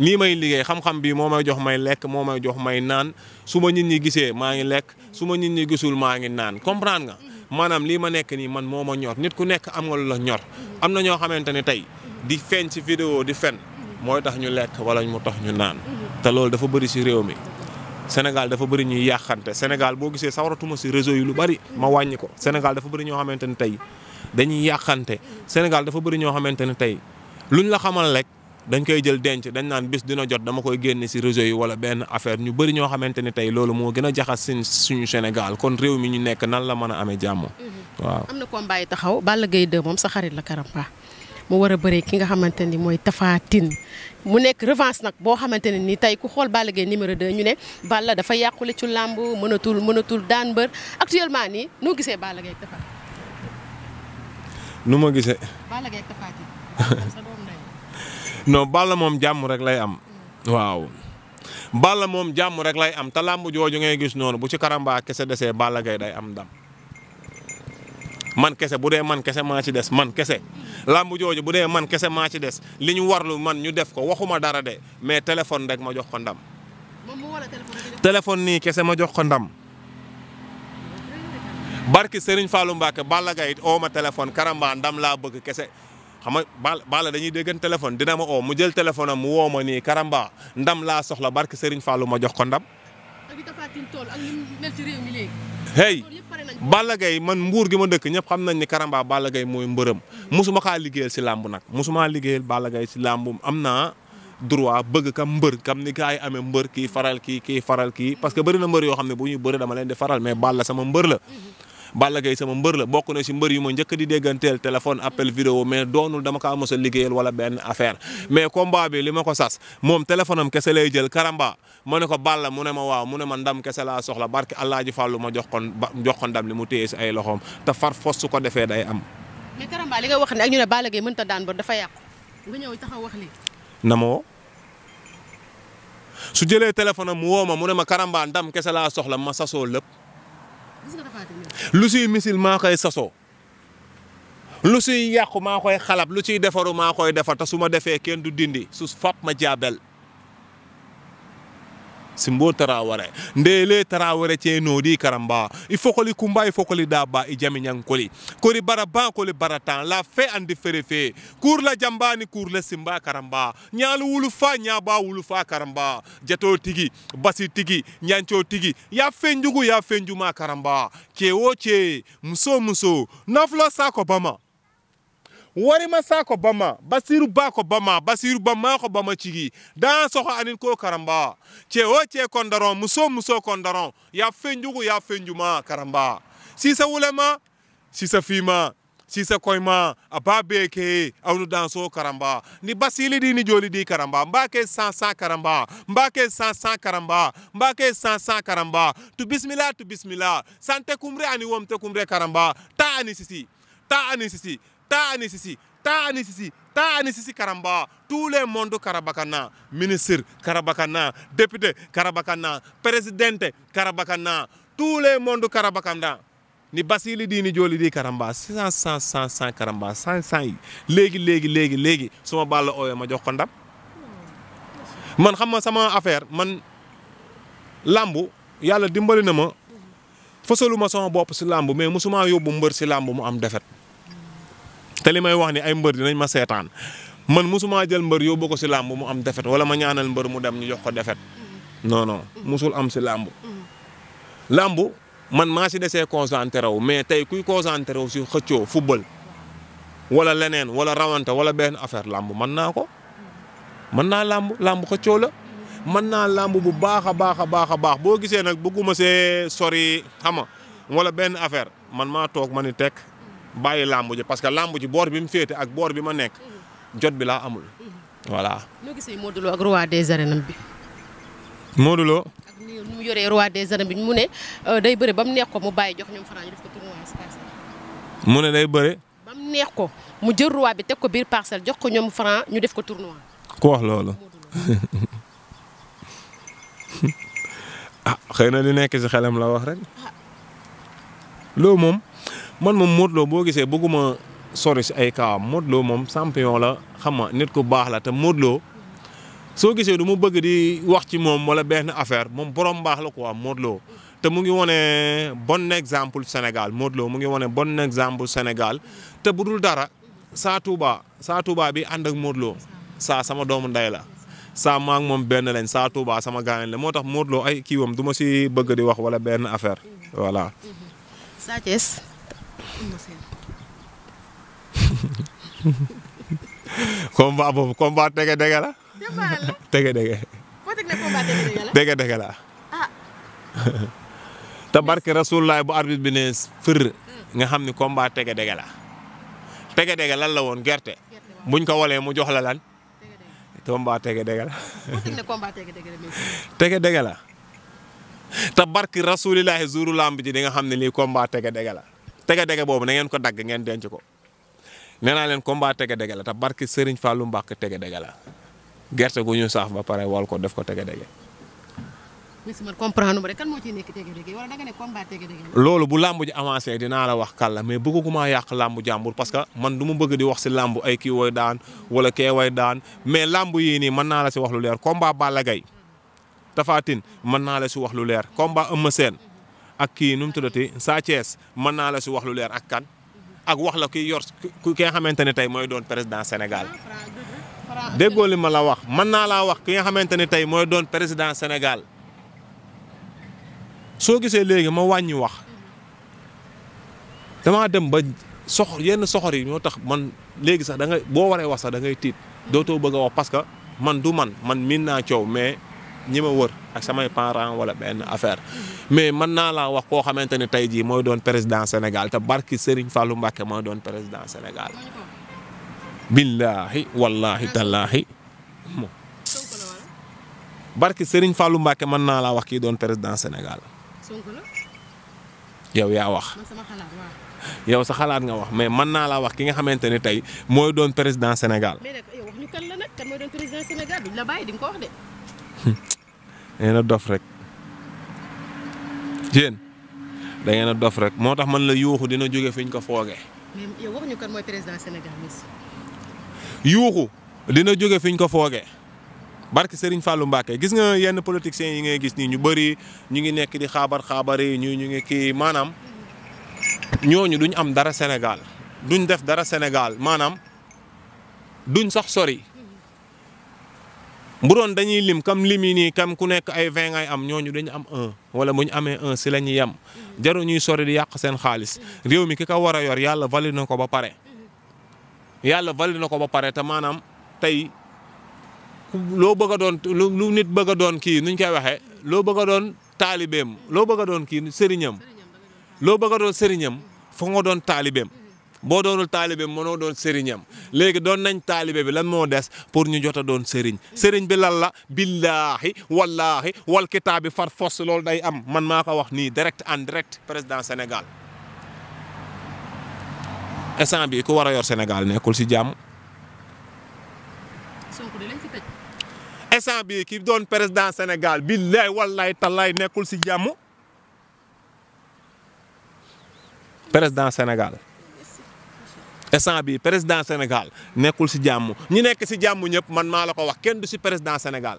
nii may liggéey xam-xam bi moo may jox may lekk moo may jox may naan su ma nit ñi gisee maa ngi lekk su ma nit ñi gisul maa ngi naan comprendre nga maanaam lii ma nekk nii man moo ma ñor nit ku nekk am nga lu la ñor am na ñoo xamante ne tey di feeñ si vidéo di fen mooy tax ñu lekk wala mu tax ñu naan te loolu dafa bëri si réew mi Sénégal dafa bëri ñuy yàqante Sénégal boo gisee sawaratuma si réseau yi lu bari ma wàññi ko Sénégal dafa bëri ñoo xamante ne tey dañuy yàqante Sénégal dafa bëri ñoo xamante ne tey luñ la xamal rek dañ koy jël denc dañ naan bis dina jot dama koy génne si réseau yi wala benn affaire ñu bëri ñoo xamante ni tey loolu moo gën a jaxas suñu Sénégal kon réew mi ñu nekk nan la mën a amee jàmm. Mhm. waaw am na ko yi taxaw Balla gay 2 moom sa xarit la Karamba mu war a bëree ki nga xamante ni mooy Tapha Tine mu nekk revanche nag boo xamante ne ni tey ku xool Balla Gaye numéro 2 ñu ne Balla dafa yàqule ci làmb mënatul mënatul daan mbër actuellement nii noo gisee Balla ma gisee. no Balla moom jàmm rek lay am waaw Balla moom jàmm rek lay am te làmb jooju ngay gis noonu bu ci karambaa kese desee Balla Gaye day am ndam man kese bu dee man kese maa ci des man kese làmb jooju bu dee man kese maa ci des li ñu warlu man ñu def ko waxuma dara de mais téléphone rek ma jox ko ndam. téléphone nii kese ma jox ko ndam. barki Serigne Fallou Mbacke Balla Gaye it oo ma téléphone karamba ndam laa bëgg kese. xam nga Balla Balla dañuy déggan téléphone dina ma oo mu jël téléphone mu woo ma nii Karamba ndam laa soxla barke Serigne Fallou ma jox ko ndam. hey Balla Gaye man mbuur gi ma dëkk ñëpp xam nañ ni Karamba Balla Gaye mooy mbërëm musuma kaa liggéeyal si làmb nag musuma liggéeyal Balla gay si làmb am naa droit bëgg kam mbër kam ni gars yi amee mbër kii faral kii kii faral kii parce que bëri na mbër yoo xam ne bu ñuy bëri dama leen di faral mais Balla sama mbër la. Mhm. Balla Gaye sama mbër la bokk na si mbër yu ma njëkk di dégganteel téléphone appel vidéo mais doonul dama kaa mos a liggéeyal wala benn affaire mais combat bi li ma ko sas moom téléphone am kese lay jël karamba ma ne ko Balla mu ne ma waaw mu ne ma ndam kese laa soxla barke Alaaji Fàllu ma jox kon jox ko ndam li mu téye si ay loxoom te far fos su ko defee day am. mais karamba li nga wax ne ak ñu ne Balla Gaye mënta daan ba dafa yàqu nga ñëw taxaw wax lii. na ma woo su jëlee téléphone mu woo ma mu ne ma karamba ndam kese laa soxla ma sasoo lépp. lu siy misil maa koy sasoo lu siy yàqu maa koy xalab lu siy defaru maa koy defar te su ma defee kenn du dindi su fab ma jaabel Simbo Taraware ndele Taraware ceenodi karamba i fokoli kumba i fokoli daba i jamiñankoli kori bara koli bara la fe andi fere fe kur la ni kur la simba karamba ñaalu wulu fa ñaaba jato tigi basi tigi ñanco tigi ya fenjugu ya fenjuma karamba cewo ce muso muso nafula sako bama warima sa ko bama basiru ba ko bama basiru bama ko bama cigi dan soko anin ko karamba ce o ce kondaron muso muso kondaron ya fenjugu ya fenjuma karamba sisa wulema sisa fima sisa koyma a ba bee ke awnu danso karamba ni basili di ni joli di karamba mba ke sansan karamba mba ke sansan karamba mba ke sansan karamba tu bismillah tu bismillah sante kumre ani womte kumre karamba ta ani sisi ta ani sisi ta ani sisi ta ani sisi ta ani sisi karamba tous les mondes karabakana ministre karabakana député karabakana présidente karabakana tous les mondes karabakana ni basili diini jooli di karamba cent cent cent cent karamba cent cent yi léegi léegi léegi léegi su ma ma jox ko ndam man xam nga sama affaire man làmbu yàlla dimbali na ma fasalu ma sama bopp si làmb mais musuma yóbbu mbër si làmb mu am defet te li may wax ni ay mbër dinañ ma seetaan man mosumaa jël mbër yóbbu ko si làmb mu am defet wala ma ñaanal mbër mu dem ñu jox ko defet mm-hmm. non non mosul am si làmb mm-hmm. làmb man maa si desee concentré wu mais tey kuy concentré wu si xëccoo football wala leneen wala rawante wala benn affaire làmb mën naa ko mm-hmm. mën naa làmb làmb xëccoo la mën naa làmb bu baax a baax a baax a baax boo gisee nag bëgguma see sori xama wala benn affaire man maa toog ma ni tekk bàyyi làmb ji parce que làmb ji boor bi mu féete ak boor bi ma nekk jot bi laa amul voilà. noo gisee Modou Lo ak roi des arènes bi. Modou Lo. mu yoree roi des arènes bi mu ne euh, day bëre ba mu neex ko mu bàyyi jox ñoom Franc ne day bëre. ba mu neex ko mu jël roi bi teg ko biir parcelle jox ko ñoom Franc ñu def ko tournoi. ku wax loolu. ah xëy na li nekk ci xelam la wax rek. loo moom. man moom Modou boo gisee bëgguma sori si ay kaawam mootloo Lo moom champion la xam nga nit ku baax la te Modou soo gisee du mu bëgg di wax ci moom wala benn affaire moom borom baax la quoi Modou Lo te mu ngi wone bon exemple Sénégal Modou mu ngi wone bon exemple Sénégal te bu dara saa Touba bi ànd ak Modou saa sama doomu ndey la saa maa moom benn lañ saa Touba sama gaañ la moo tax mootloo Lo ay kiiwam du ma si bëgg di wax wala benn affaire voilà. komba boobu combat tege dege la. tege dege. tege la. tege dege la. Ah. te barke Rasulullah bu arbitre bi ne nga xam ni combat tege dege la. tege dege la la woon gerte. buñ ko wole mu jox la lan. combat tege dege la. foo teg ne combat tege la. tege dege la. te barke Rasulullah ji di nga xam ne lii combat tege dege la. tege-dege boobu na ngeen ko dagg ngeen denc ko nee naa leen combat tege-dege la te barke Serigne Fallou Mbacke tege-dege la gerte gu ñu saaf ba pare wal ko def ko tege-dege. monsieur loolu bu làmb ji avancé dinaa la wax kàlla mais bëgguma yàq làmbu jàmbur parce que man du ma bëgg di wax si làmb ay kii woy daan wala kee way daan mais làmb yii nii mën naa la si wax lu leer combat Balla Gaye Tapha Tine mën naa la si wax lu leer combat Eumeu seen ak kii nu mu tuddati Sa Thiès mën naa la si wax lu leer ak kan ak wax la ki yor ki nga xamante ne tey mooy doon président Sénégal déggoo li ma la wax man naa laa wax ki nga xamante ne tey mooy doon président Sénégal soo gisee léegi ma wàññi wax damaa dem ba soxor yenn soxor yi ñoo tax man léegi sax da ngay boo waree wax sax da ngay tiit dootoo bëgg a wax parce que man du man man miin naa coow mais. ñi ma wër ak samay parents wala benn affaire mais mën naa laa wax koo xamante ne tey jii mooy doon président Sénégal te barki Serigne Fallou Mbacké mooy doon président Sénégal. billaahi wallaahi tallaahi barki Serigne Fallou Mbacké mën naa laa wax kii doon président Sénégal. yow yaa wax. yow sa xalaat nga wax mais mën naa laa wax ki nga xamante ne tey mooy doon président Sénégal. mooy doon président Sénégal da ngeen a dof rek jéen da dof rek moo tax man la yuuxu dina jóge fiñ ko fooge mais yuuxu dina jóge fi ñu ko foogee barke Serigne Fallou Mbacke gis nga yenn politiciens yi ngay gis nii ñu bëri ñu ngi nekk di xaabar xaabar ñu ñu ngi kii maanaam ñooñu duñ am dara Sénégal duñ def dara Sénégal maanaam duñ sax sori. bu doon dañuy lim kam lim nii kam ku nekk ay vingt ngay am ñooñu dañu am un wala bu ñu amee un si la ñuy yem jaru ñuy sori di yàq seen xaalis réew mi ki ko war a yor yàlla valide na ko ba pare. yàlla valide na ko ba pare maanaam tey loo bëgg a doon lu nit bëgg doon kii nuñ koy waxee loo bëgg a doon taalibeem loo bëgg a doon kii sëriñam loo bëgg doon sëriñam foo nga doon taalibeem boo doonul taalibe mënoo doon sëriñam léegi doon nañ taalibe bi lan moo des pour ñu jot a doon sëriñ sëriñ bi lan la billaahi wallaahi wal kitaabi far fos loolu day am man maa ko wax nii direct en direct président Sénégal instant bi ku war a yor Sénégal nekkul si jàmm. instant bi ki doon président Sénégal billaay wallaay tallaay nekkul si jàmm président Sénégal. instant bi président Sénégal nekkul si jàmm ñi nekk si jàmm ñëpp man maa la ko wax kenn du si président Sénégal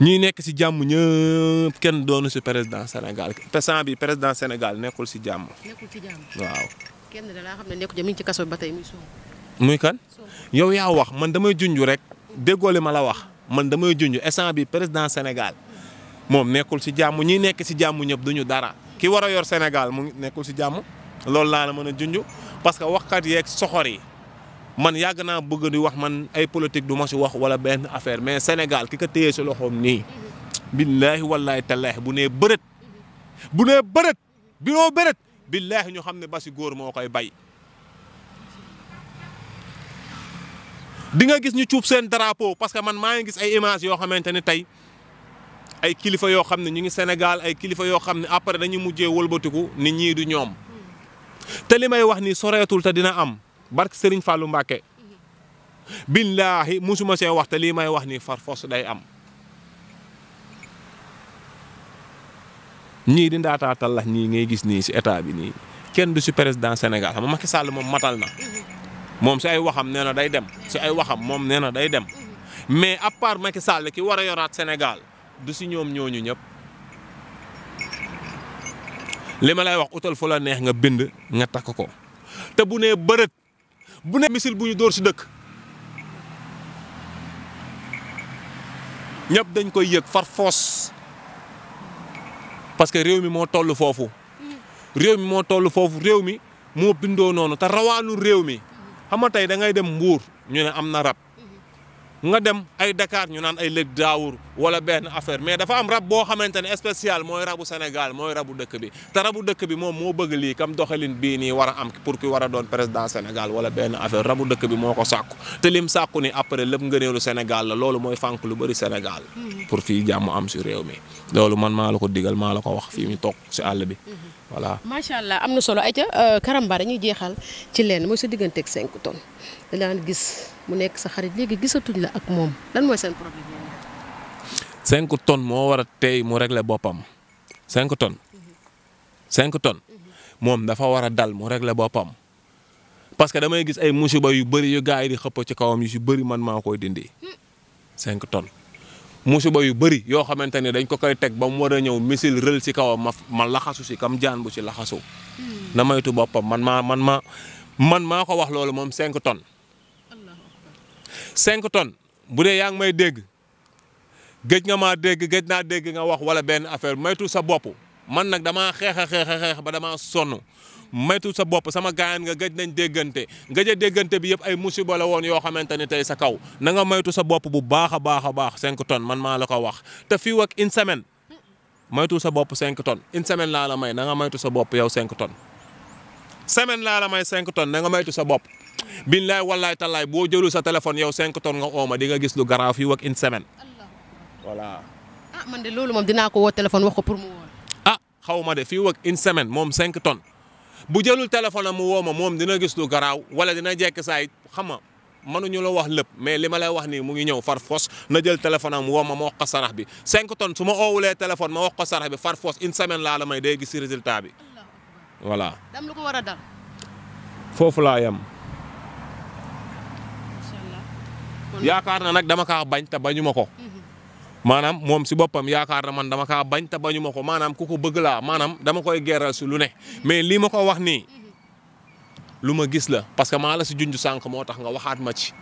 ñi nekk si jàmm kenn doonu si président Sénégal instant bi président Sénégal nekkul si jàmm. kenn da xam ne nekkul jàmm ci kaso ba tey muy kan yow yaa wax man damay junju rek déggoo li ma la wax man damay junju instant bi président Sénégal moom nekkul si jàmm ñi nekk si jàmm ñëpp duñu dara. ki war a yor Sénégal mu nekkul si jàmm loolu laa la mën a junj parce que waxkat yeeg soxor yi man yàgg naa bëgg di wax man ay politique du ma si wax wala benn affaire mais Sénégal ki ko téye si loxoom nii. billaahi wallaahi tallaahi bu nee bërët bu nee bërët bi noo bërët billaahi ñu xam ne ba si góor moo koy bay di nga gis ñu cuub seen drapeau parce que man maa ngi gis ay images yoo xamante ne tey. ay kilifa yoo xam ne ñu ngi Sénégal ay kilifa yoo xam ne après dañu mujjee wëlbatiku nit ñii du ñoom te li may wax nii soreetul te dina am barke Serigne Fallou Mbacke billaahi musuma see wax te lii may wax nii far force day am ñii di ndaataatal la ñii ngay gis nii ci état bi nii kenn du si président Sénégal xam nga Macky moom matal na moom si ay waxam nee na day dem si ay waxam moom nee na day dem mais à part Macky Sall ki war a yoraat senegaal du si ñoom ñooñu ñëpp li ma lay wax utal fu la neex nga bind nga takk ko te bu nee bërët bu nee misil bu ñu dóor si dëkk ñëpp dañ koy yëg far foos parce que réew mi moo toll foofu réew mi moo tollu foofu réew mi moo bindoo noonu te rawaanu réew mi xam nga tey da ngay dem mbuur ñu ne am na rab nga dem ay Dakar ñu naan ay lëg daawur wala benn affaire mais dafa am rab boo xamante ne spécial mooy rabu Sénégal mooy rabu dëkk bi te rabu dëkk bi moom moo bëgg lii kam doxalin bii nii war a am pour ki war a doon président Sénégal wala benn affaire rabu dëkk bi moo ko sàkku te lim sàkku ni après lépp ngëneelu Sénégal la loolu mooy fànk lu bëri Sénégal pour fii jàmm am si réew mi loolu man maa la ko digal maa la ko wax fii mi toog si àll bi voilà. macha allah am na solo ay ca euh, Karamba dañuy jeexal ci lenn mooy sa digganteeg 5 tonnes da daan gis mu nekk sa xarit léegi gisatuñ la ak moom lan mooy seen problème yéen tonnes moo war a tey mu régler boppam cinq tonnes cinq tonnes moom dafa war a dal mu régler boppam parce que damay gis ay musiba yu bëri yu gars yi di xëpp ci kawam yu si bëri man maa koy dindi cinq tonnes. mu musiba yu bëri yoo xamante ne dañ ko koy teg ba mu war a ñëw misil rël si kawam ma ma laxasu si kam jaan bu si laxasu hmm. na maytu boppam man maa man maa man maa ko wax loolu moom cinq tonnes cinq tonnes bu dee yaa ngi may dégg géej nga maa dégg géej naa dégg nga wax wala benn affaire maytu sa bopp man nag damaa xeex a xeex a ba damaa sonn maytu sa bopp sama gaayan nga gëj nañ déggante gëj a déggante bi yëpp ay musiba la woon yoo xamante ni tey sa kaw na nga maytu sa bopp bu baax a baax a baax 5 tonnes man maa la ko wax te fii ak une semaine maytu sa bopp 5 tonnes une semaine laa la may na nga maytu sa bopp yow 5 tonnes semaine laa la may 5 tonnes na nga maytu sa bopp. billaay wallaay tallaay boo jëlu sa téléphone yow 5 tonnes nga ooma di nga gis lu garaaw fii ak une semaine voilà. ah man de loolu moom dinaa ko woo téléphone wax ko pour mu woo. Ah, xaw ma de fii ak une semaine moom 5 tonnes. bu jëlul téléphone am mu woo ma moom dina gis lu garaaw wala dina jekk saa yi xam nga mënuñu la wax lépp mais li ma lay wax nii mu ngi ñëw far fos na jël téléphone am woo ma ma wax ko sarax bi 5 tonnes su ma oowulee téléphone ma wax ko sarax bi far fos une semaine laa la may day gis résultat bi voilà. a dal. foofu laa yem. yaakaar na nag dama kaa bañ te bañu ko. Mm. maanaam moom si boppam yaakaar na man dama kaa bañ te bañu ma ko maanaam ku ko bëgg laa maanaam dama koy geeral si lu ne mais lii ma ko wax nii lu ma gis la parce que maa la si junj sànq moo tax nga waxaat ma ci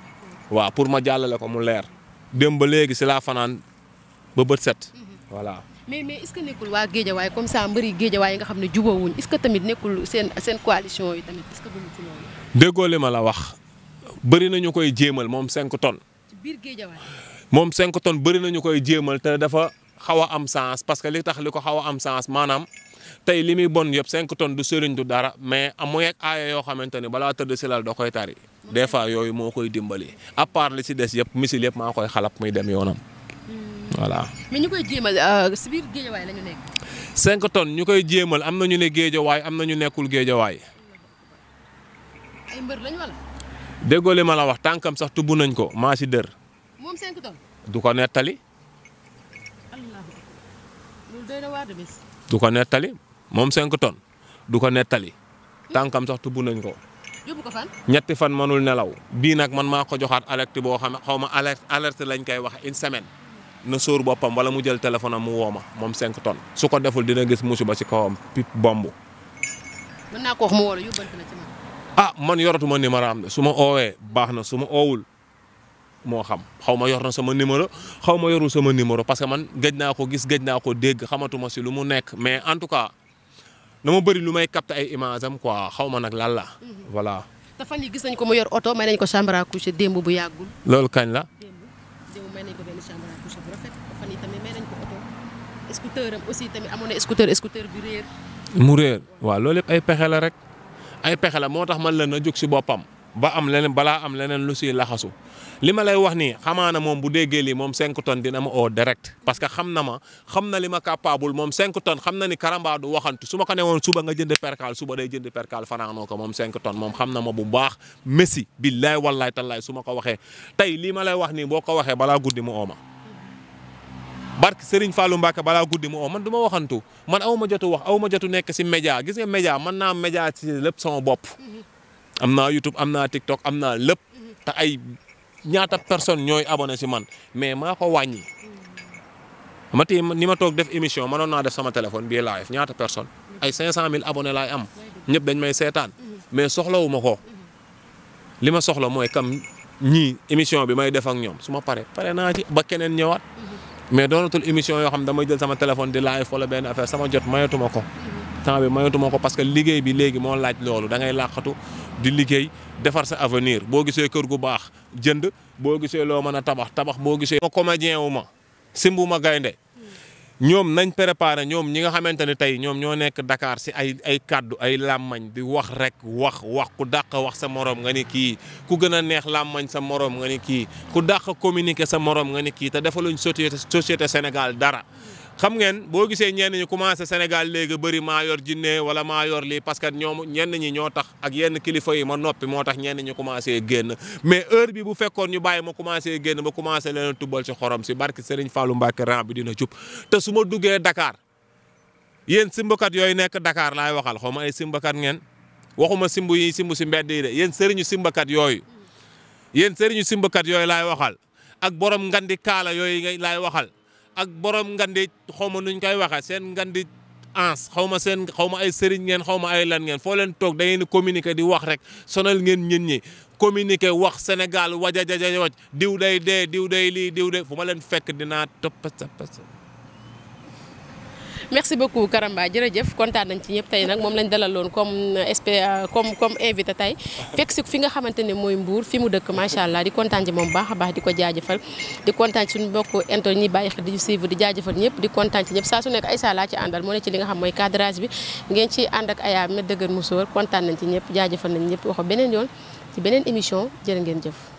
waaw pour ma jàllale ko mu leer dem ba léegi si laa fanaan ba bët set voilà. mais mais est-ce que nekkul waa géejawaay comme ça mbëri géejawaay yi nga xam ne jubóowuñ est-ce que tamit nekkul seen seen coalition yi tamit déggoo li ma la wax bëri nañu koy jéemal moom 5 tonnes. ci moom cinq tonnes bëri nañu koy jéemal te dafa xaw a am sens parce que li tax li ko xaw a am sens maanaam tey li muy bon yëpp cinq tonnes du sëriñ du dara mais amuy ak aaya yoo xamante ne balaa tëdd si lal doo koy tari des fois yooyu moo koy dimbali à part li si des yëpp misil yëpp maa koy xalap muy dem yoonam hmm. voilà. mais ñu koy jéemal euh, si biir géejawaay la nekk. 5 tonnes ñu koy jéemal am na ñu ne géejawaay am na ñu nekkul géejawaay. ay déggoo li ma la wax tànkam sax tubb nañ ko maa si dër. moom du ko nettali. du ko nettali moom 5 tonnes du ko nettali. tànkam sax tubb nañ ko. ñetti fan manul nelaw. bii nag man maa ko joxaat alerte boo xam ne xaw ma alerte alerte lañ koy wax une semaine na sóor boppam wala mu jël téléphone mu woo ma moom 5 tonnes. su ko deful dina gis musiba ci kawam bomb. mën man. ah man yoratuma numéro am su ma oowee baax na su ma oowul. moo xam xaw ma yor na sama numéro xaw ma yoru sama numéro parce que man gëj naa ko gis gëj naa ko dégg xamatuma si lu mu nekk mais en tout cas dama bëri lu may capté ay image am quoi xaw ma nag lan la mhm. voilà. te fan gis nañ ko mu yor oto may nañ ko chambre à démb bu yàggul. loolu kañ la. démb may nañ na mu waaw loolu yëpp pexe la rek ay pexe la moo tax man la na jóg si boppam ba am leneen balaa am leneen lu si laxasu li ma lay wax nii xamaana moom bu déggee lii moom 5 tonnes dina ma oo direct parce que xam na ma xam na li ma capable moom 5 tonnes xam na ni Karamba du waxantu su ma ko newoon suba nga jënd percal suba day jënd percal fanaanoo ko moom 5 tonnes moom xam na ma bu baax messi billaay wallaay tallaay su ma ko waxee tey lii ma lay wax nii boo ko waxee balaa guddi mu oo ma barke Serigne Fallou Mbacke balaa guddi mu oo man du ma waxantu man aw ma jotu aw ma jotu nekk si média gis média mën naa média ci lépp sama bopp am naa YouTube am naa TikTok am naa lépp te ay ñaata personne ñooy abonné si man mais maa ko wàññi. ma tey ni ma toog def émission mënoon naa def sama téléphone bii live ñaata personne ay 500000 abonné laay am ñëpp dañ may seetaan mais soxlawu ma ko li ma soxla mooy kam ñii émission bi may def ak ñoom su ma paree pare naa ci ba keneen ñëwaat mais doonatul émission yoo xam damay jël sama téléphone di live wala benn affaire sama jot mayatuma ko. temps bi mayatuma ko parce que liggéey bi léegi moo laaj loolu da ngay làqatu di liggéey defar sa avenir boo gisee kër gu baax jënd boo gisee loo man a tabax tabax boo gisee. ma comédien wu ma simbu ma gaynde ñoom nañ préparé ñoom ñi nga xamante ne tey ñoom ñoo nekk dakaar si ay ay kàddu ay làmmañ di wax rek wax wax ku dàq wax sa moroom nga ni kii ku gën a neex làmmañ sa moroom nga ni kii ku dàq communiquer sa moroom nga ni kii te defaluñ société société Sénégal dara. xam ngeen boo gisee ñenn ñi commencé Sénégal léegi bëri maa yor jinne wala maa yor lii parce que ñoom ñenn ñi ñoo tax ak yenn kilifa yi ma noppi moo tax ñenn ñi commencé génn mais heure bi bu fekkoon ñu bàyyi ma commencé génn ba commencé leen a tubbal ci xorom si barki seriñ Fallou Mbacke ran bi dina jub te su ma duggee Dakar yéen simbakat yooyu nekk dakaar laay waxal xaw ma ay simbakat ngeen waxuma simbu yi simbu si yéen sëriñu simbakat yooyu yéen sëriñu simbakat yooyu laay waxal ak borom ngandi kaala yooyu laay waxal ak borom ngandi xaw ma nuñ koy waxee seen ngandi ans xaw ma seen xaw ma ay sëriñ ngeen xaw ma ay lan ngeen foo leen toog da ngeen di di wax rek sonal ngeen ñin ñi communiquer wax Sénégal wajajaja waj diw day dee diw day lii diw day fu ma leen fekk dinaa topp sa merci beaucoup Karamba jërëjëf kontaan nañ ci ñëpp tey nag moom lañ dalaloon comme euh, espé euh, comme comme invité tey fekk si fi nga xamante ne mooy Mbour fi mu dëkk macha allah di kontaan ci moom baax a baax di ko jaajëfal di kontaan ci suñu mbokk into ñi bàyyi xel di suivre di jaajëfal ñëpp di kontaan ci ñëpp saa su nekk ay saa laa ci àndal moo ne ci li nga xam mooy cadrage bi ngeen ci ànd ak ayaa ma dëgër mu sóor kontaan nañ ci ñëpp jaajëfal nañ ñëpp waxo beneen yoon ci beneen émission jërë ngeen jëf